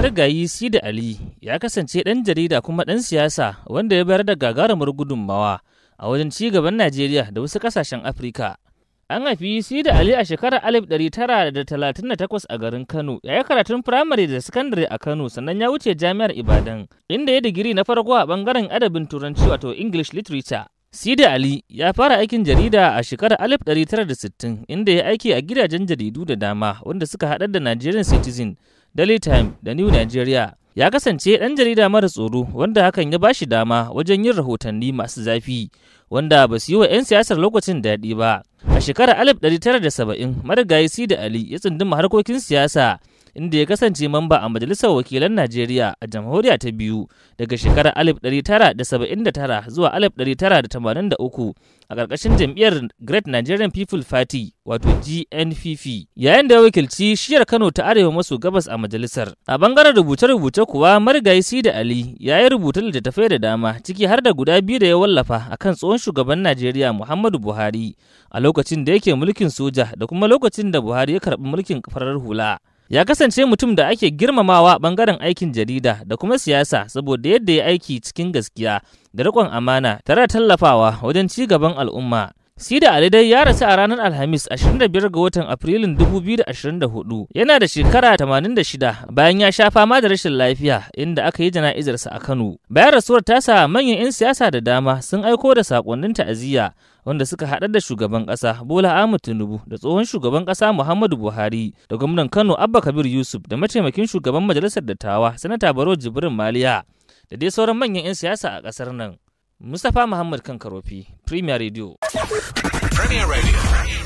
Marigayi Sidi Ali ya kasance ɗan jarida kuma ɗan siyasa wanda ya bayar da gagarumar gudunmawa a wajen ci gaban Najeriya da wasu ƙasashen Afirka. An haifi Sidi Ali a shekarar 1938 a garin Kano, ya yi karatun firamare da sakandare a Kano sannan ya wuce jami'ar Ibadan, inda ya digiri na farko a ɓangaren adabin Turanci wato English Literature. Sidi Ali ya fara aikin jarida a shekarar 1960 inda ya aiki a gidajen jaridu da dama wanda suka haɗar da Nigerian Citizen, Daily Time da New Nigeria. Ya kasance ɗan jarida mara tsoro wanda hakan ya bashi dama wajen yin rahotanni masu zafi wanda ba su yi wa 'yan siyasar lokacin daɗi ba. A shekarar 1970 marigayi Sidi Ali ya tsunduma harkokin siyasa inda ya kasance mamba a Majalisar Wakilan Najeriya a jamhuriya ta biyu daga shekarar 1979 zuwa 1983 a ƙarƙashin jam'iyyar Great Nigerian People Party wato GNPP yayin da ya wakilci shiyar Kano ta arewa maso gabas a majalisar. A bangaren rubuce-rubuce kuwa marigayi da Ali ya yi rubutun littattafai da dama ciki har da guda biyu da ya wallafa akan tsohon shugaban Najeriya Muhammadu Buhari a lokacin da yake mulkin soja da kuma lokacin da Buhari ya karɓi mulkin farar hula. ya kasance mutum da ake girmamawa bangaren aikin jarida da kuma siyasa saboda yadda ya aiki cikin gaskiya da riƙon amana tare da tallafawa wajen ci gaban al'umma Sida Ali dai ya rasu a ranar Alhamis 25 ga watan Afrilun 2024 yana da shekara 86 bayan ya sha fama da rashin lafiya inda aka yi jana'izarsa a Kano. Bayan rasuwar tasa manyan 'yan siyasa da dama sun aiko da sakonnin ta'aziyya wanda suka haɗa da shugaban ƙasa Bola Ahmed Tinubu da tsohon shugaban ƙasa Muhammadu Buhari da gwamnan Kano Abba Kabir Yusuf da mataimakin shugaban majalisar dattawa Sanata Baro Jibrin Maliya da dai sauran manyan 'yan siyasa a ƙasar nan. Mustapha Muhammad Kankarofi, Premier Radio. Premier Radio.